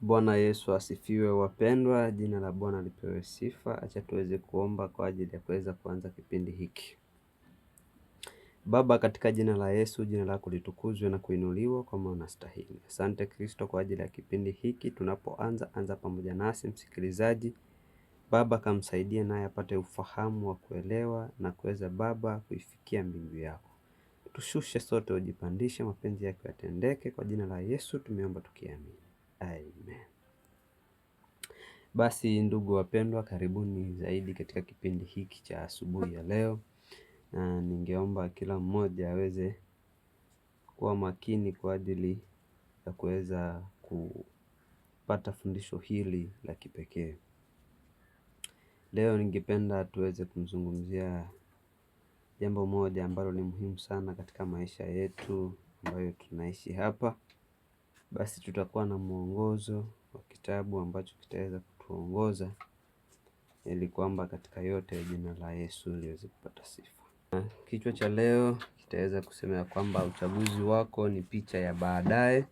Bwana Yesu asifiwe, wapendwa. Jina la Bwana lipewe sifa. Acha tuweze kuomba kwa ajili ya kuweza kuanza kipindi hiki. Baba, katika jina la Yesu, jina lako litukuzwe na kuinuliwa, kwa maana stahili. Asante Kristo kwa ajili ya kipindi hiki tunapoanza anza pamoja nasi msikilizaji. Baba, kamsaidie naye apate ufahamu wa kuelewa na kuweza Baba kuifikia mbingu yako. Tushushe sote, ujipandishe, mapenzi yako yatendeke. Kwa jina la Yesu tumeomba tukiamini, amen. Basi ndugu wapendwa, karibuni zaidi katika kipindi hiki cha asubuhi ya leo na ningeomba kila mmoja aweze kuwa makini kwa ajili ya kuweza kupata fundisho hili la kipekee. Leo ningependa tuweze kumzungumzia jambo moja ambalo ni muhimu sana katika maisha yetu ambayo tunaishi hapa. Basi tutakuwa na mwongozo wa kitabu ambacho kitaweza kutuongoza ili kwamba katika yote jina la Yesu liweze kupata sifa. Kichwa cha leo kitaweza kusema kwamba uchaguzi wako ni picha ya baadaye.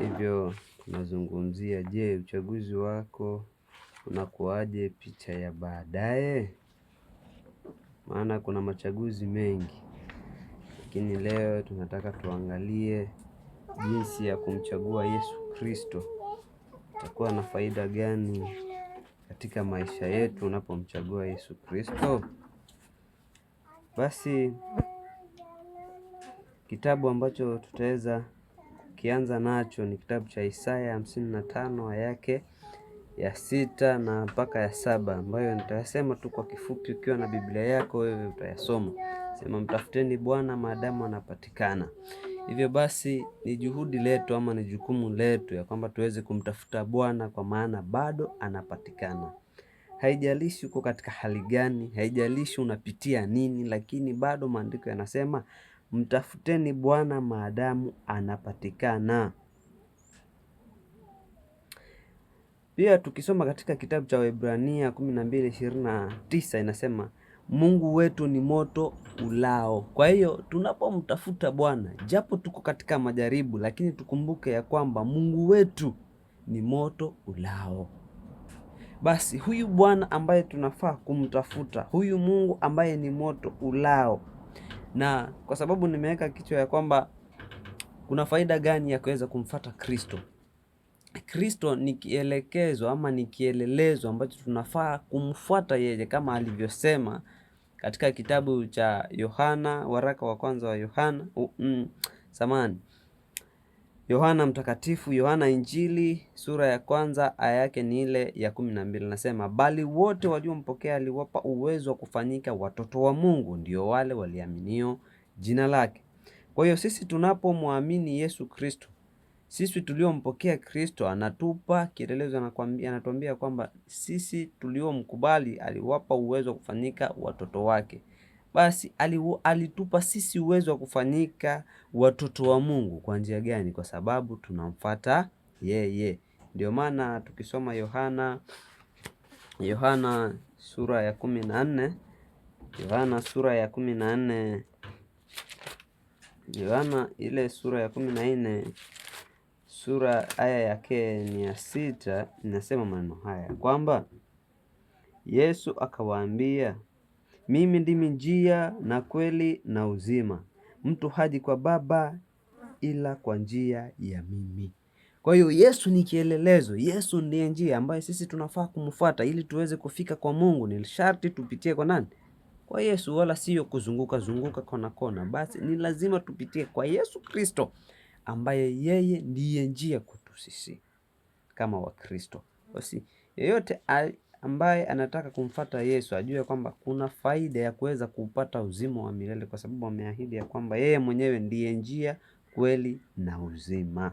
Hivyo tunazungumzia je, uchaguzi wako unakuwaje picha ya baadaye? Maana kuna machaguzi mengi, lakini leo tunataka tuangalie jinsi ya kumchagua Yesu Kristo itakuwa na faida gani katika maisha yetu unapomchagua Yesu Kristo. Basi kitabu ambacho tutaweza kukianza nacho ni kitabu cha Isaya hamsini na tano aya yake ya sita na mpaka ya saba ambayo nitayasema tu kwa kifupi. Ukiwa na Biblia yako wewe utayasoma. Sema, mtafuteni Bwana maadamu anapatikana. Hivyo basi ni juhudi letu ama ni jukumu letu ya kwamba tuweze kumtafuta Bwana kwa maana bado anapatikana. Haijalishi uko katika hali gani, haijalishi unapitia nini, lakini bado maandiko yanasema mtafuteni Bwana maadamu anapatikana. Pia tukisoma katika kitabu cha Waebrania 12:29 inasema Mungu wetu ni moto ulao. Kwa hiyo tunapomtafuta Bwana, japo tuko katika majaribu, lakini tukumbuke ya kwamba Mungu wetu ni moto ulao basi huyu Bwana ambaye tunafaa kumtafuta, huyu Mungu ambaye ni moto ulao. Na kwa sababu nimeweka kichwa ya kwamba kuna faida gani ya kuweza kumfata Kristo. Kristo ni kielekezo ama ni kielelezo ambacho tunafaa kumfuata yeye, kama alivyosema katika kitabu cha Yohana, waraka wa kwanza wa Yohana, uh, mm, samani Yohana Mtakatifu, Yohana Injili sura ya kwanza aya yake ni ile ya kumi na mbili nasema, bali wote waliompokea aliwapa uwezo wa kufanyika watoto wa Mungu, ndio wale waliaminio jina lake. Kwa hiyo sisi tunapomwamini Yesu Kristo, sisi tuliompokea Kristo anatupa kielelezo, anakuambia, anatuambia kwamba sisi tuliomkubali aliwapa uwezo wa kufanyika watoto wake basi alitupa sisi uwezo wa kufanyika watoto wa Mungu kwa njia gani? Kwa sababu tunamfata yeye. Ndio maana tukisoma Yohana Yohana sura ya kumi na nne Yohana sura ya kumi na nne Yohana ile sura ya kumi na nne sura aya yake ni ya sita inasema maneno haya kwamba Yesu akawaambia mimi ndimi njia na kweli na uzima. Mtu haji kwa Baba ila kwa njia ya mimi. Kwa hiyo Yesu ni kielelezo. Yesu ndiye njia ambayo sisi tunafaa kumfuata ili tuweze kufika kwa Mungu. Ni sharti tupitie kwa nani? Kwa Yesu, wala sio kuzunguka zunguka kona kona. Basi ni lazima tupitie kwa Yesu Kristo ambaye yeye ndiye njia kwetu sisi kama Wakristo. Basi yeyote ambaye anataka kumfata Yesu ajue kwamba kuna faida ya kuweza kupata uzima wa milele, kwa sababu ameahidi ya kwamba yeye mwenyewe ndiye njia, kweli na uzima,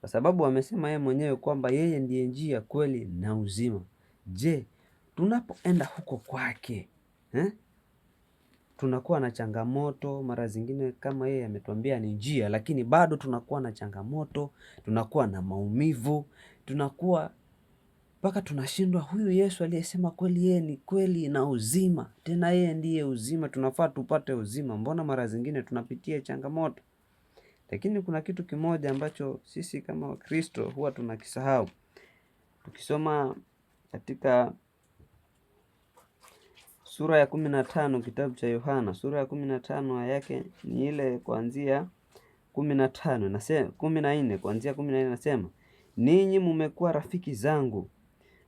kwa sababu amesema yeye mwenyewe kwamba yeye ndiye njia, kweli na uzima. Je, tunapoenda huko kwake eh? tunakuwa na changamoto mara zingine, kama yeye ametuambia ni njia, lakini bado tunakuwa na changamoto, tunakuwa na maumivu, tunakuwa mpaka tunashindwa, huyu Yesu aliyesema kweli, yeye ni kweli na uzima, tena yeye ndiye uzima, tunafaa tupate uzima, mbona mara zingine tunapitia changamoto? Lakini kuna kitu kimoja ambacho sisi kama Wakristo huwa tunakisahau, tukisoma katika sura ya kumi na tano kitabu cha Yohana sura ya kumi na tano aya yake ni ile kuanzia kumi na tano kumi na nne kuanzia kumi na nne nasema ninyi mumekuwa rafiki zangu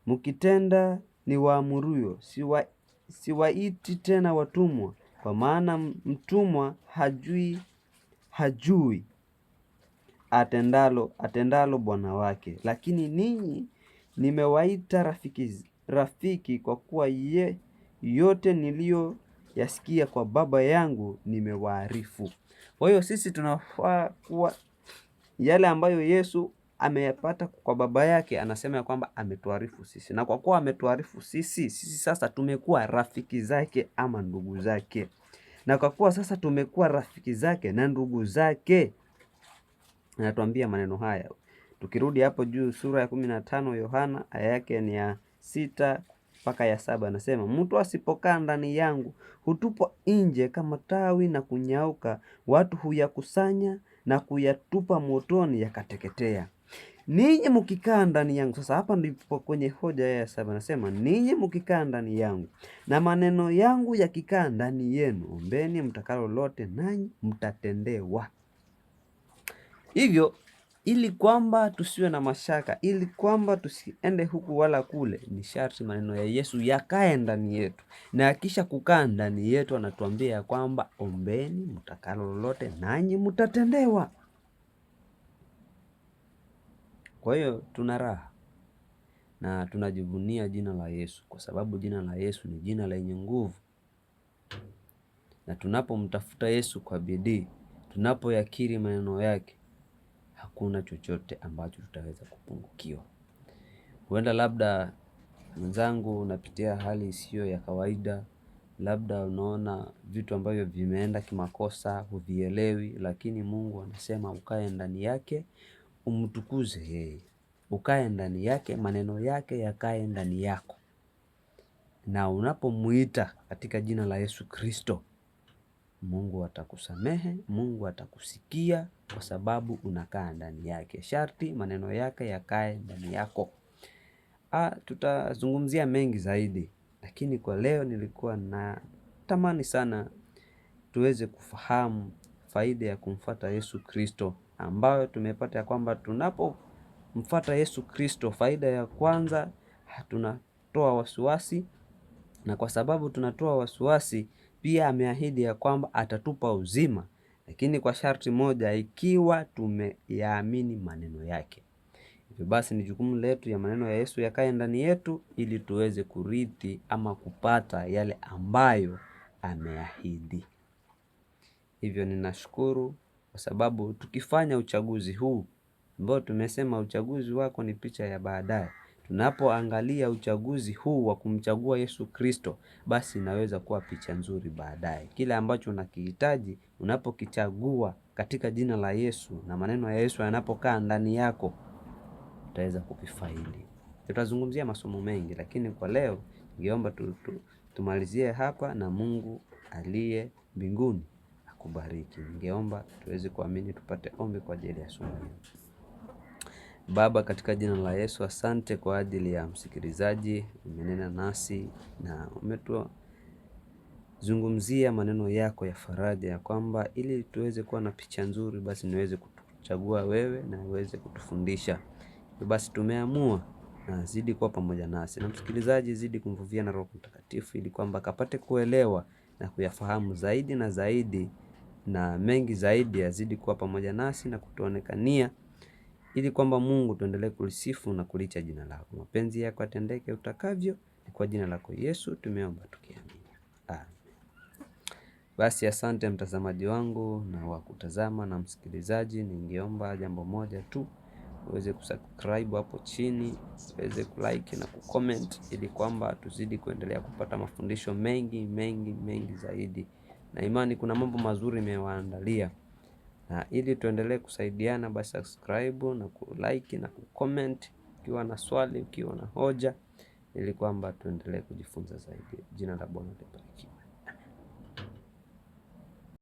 mkitenda ni waamuruyo. Siwa, siwaiti tena watumwa, kwa maana mtumwa hajui hajui atendalo atendalo bwana wake, lakini ninyi nimewaita rafiki, rafiki kwa kuwa ye yote niliyoyasikia kwa Baba yangu nimewaarifu. Kwa hiyo sisi tunafaa kuwa yale ambayo Yesu ameyapata kwa baba yake, anasema ya kwamba ametuarifu sisi, na kwa kuwa ametuarifu sisi, sisi sasa tumekuwa rafiki zake ama ndugu zake. Na kwa kuwa sasa tumekuwa rafiki zake na ndugu zake, anatuambia maneno haya. Tukirudi hapo juu, sura ya kumi na tano Yohana aya yake ni ya sita mpaka ya saba anasema, mtu asipokaa ndani yangu hutupwa nje kama tawi na kunyauka, watu huyakusanya na kuyatupa motoni yakateketea. Ninyi mkikaa ndani yangu. Sasa hapa ndipo kwenye hoja ya saba anasema, ninyi mkikaa ndani yangu na maneno yangu yakikaa ndani yenu, ombeni mtakalo lote, nanyi mtatendewa. Hivyo ili kwamba tusiwe na mashaka, ili kwamba tusiende huku wala kule, ni sharti maneno ya Yesu yakae ndani yetu, na akisha kukaa ndani yetu, anatuambia ya kwamba ombeni mtakalo lolote, nanyi mtatendewa. Kwa hiyo tuna raha na tunajivunia jina la Yesu, kwa sababu jina la Yesu ni jina lenye nguvu, na tunapomtafuta Yesu kwa bidii, tunapoyakiri maneno yake hakuna chochote ambacho tutaweza kupungukiwa. Huenda labda mwenzangu, unapitia hali isiyo ya kawaida, labda unaona vitu ambavyo vimeenda kimakosa, huvielewi, lakini Mungu anasema ukae ndani yake, umtukuze yeye, ukae ndani yake, maneno yake yakae ndani yako, na unapomwita katika jina la Yesu Kristo Mungu atakusamehe, Mungu atakusikia kwa sababu unakaa ndani yake. Sharti maneno yake yakae ndani yako. Ah, tutazungumzia mengi zaidi, lakini kwa leo nilikuwa na tamani sana tuweze kufahamu faida ya kumfuata Yesu Kristo, ambayo tumepata ya kwamba tunapomfuata Yesu Kristo, faida ya kwanza tunatoa wasiwasi, na kwa sababu tunatoa wasiwasi pia ameahidi ya kwamba atatupa uzima, lakini kwa sharti moja, ikiwa tumeyaamini maneno yake. Hivyo basi ni jukumu letu ya maneno ya Yesu yakae ndani yetu ili tuweze kurithi ama kupata yale ambayo ameahidi. Hivyo ninashukuru kwa sababu tukifanya uchaguzi huu ambao tumesema uchaguzi wako ni picha ya baadaye, Tunapoangalia uchaguzi huu wa kumchagua Yesu Kristo, basi inaweza kuwa picha nzuri baadaye. Kile ambacho unakihitaji unapokichagua katika jina la Yesu na maneno ya Yesu yanapokaa ndani yako, utaweza kukifaidi Tutazungumzia masomo mengi, lakini kwa leo ningeomba tu, tu, tumalizie hapa, na Mungu aliye mbinguni akubariki. Ningeomba tuweze kuamini, tupate ombi kwa ajili ya somo hili. Baba, katika jina la Yesu, asante kwa ajili ya msikilizaji. Umenena nasi na umetuzungumzia maneno yako ya faraja, ya kwamba ili tuweze kuwa na picha nzuri, basi niweze kuchagua wewe na uweze kutufundisha. Basi tumeamua na zidi kuwa pamoja nasi, na msikilizaji zidi kumvuvia na Roho Mtakatifu ili kwamba akapate kuelewa na kuyafahamu zaidi na zaidi, na mengi zaidi yazidi kuwa pamoja nasi na kutuonekania ili kwamba Mungu tuendelee kulisifu na kulicha jina lako. Mapenzi yako atendeke utakavyo, ni kwa jina lako Yesu tumeomba tukiamini, amen. Basi asante mtazamaji wangu na wakutazama na msikilizaji, ningeomba jambo moja tu uweze kusubscribe hapo chini, uweze kulike na kucomment, ili kwamba tuzidi kuendelea kupata mafundisho mengi mengi mengi zaidi, na imani kuna mambo mazuri imewaandalia na ili tuendelee kusaidiana, basi subscribe na kulike na kucomment, ukiwa na swali, ukiwa na hoja, ili kwamba tuendelee kujifunza zaidi. Jina la Bwana libarikiwe.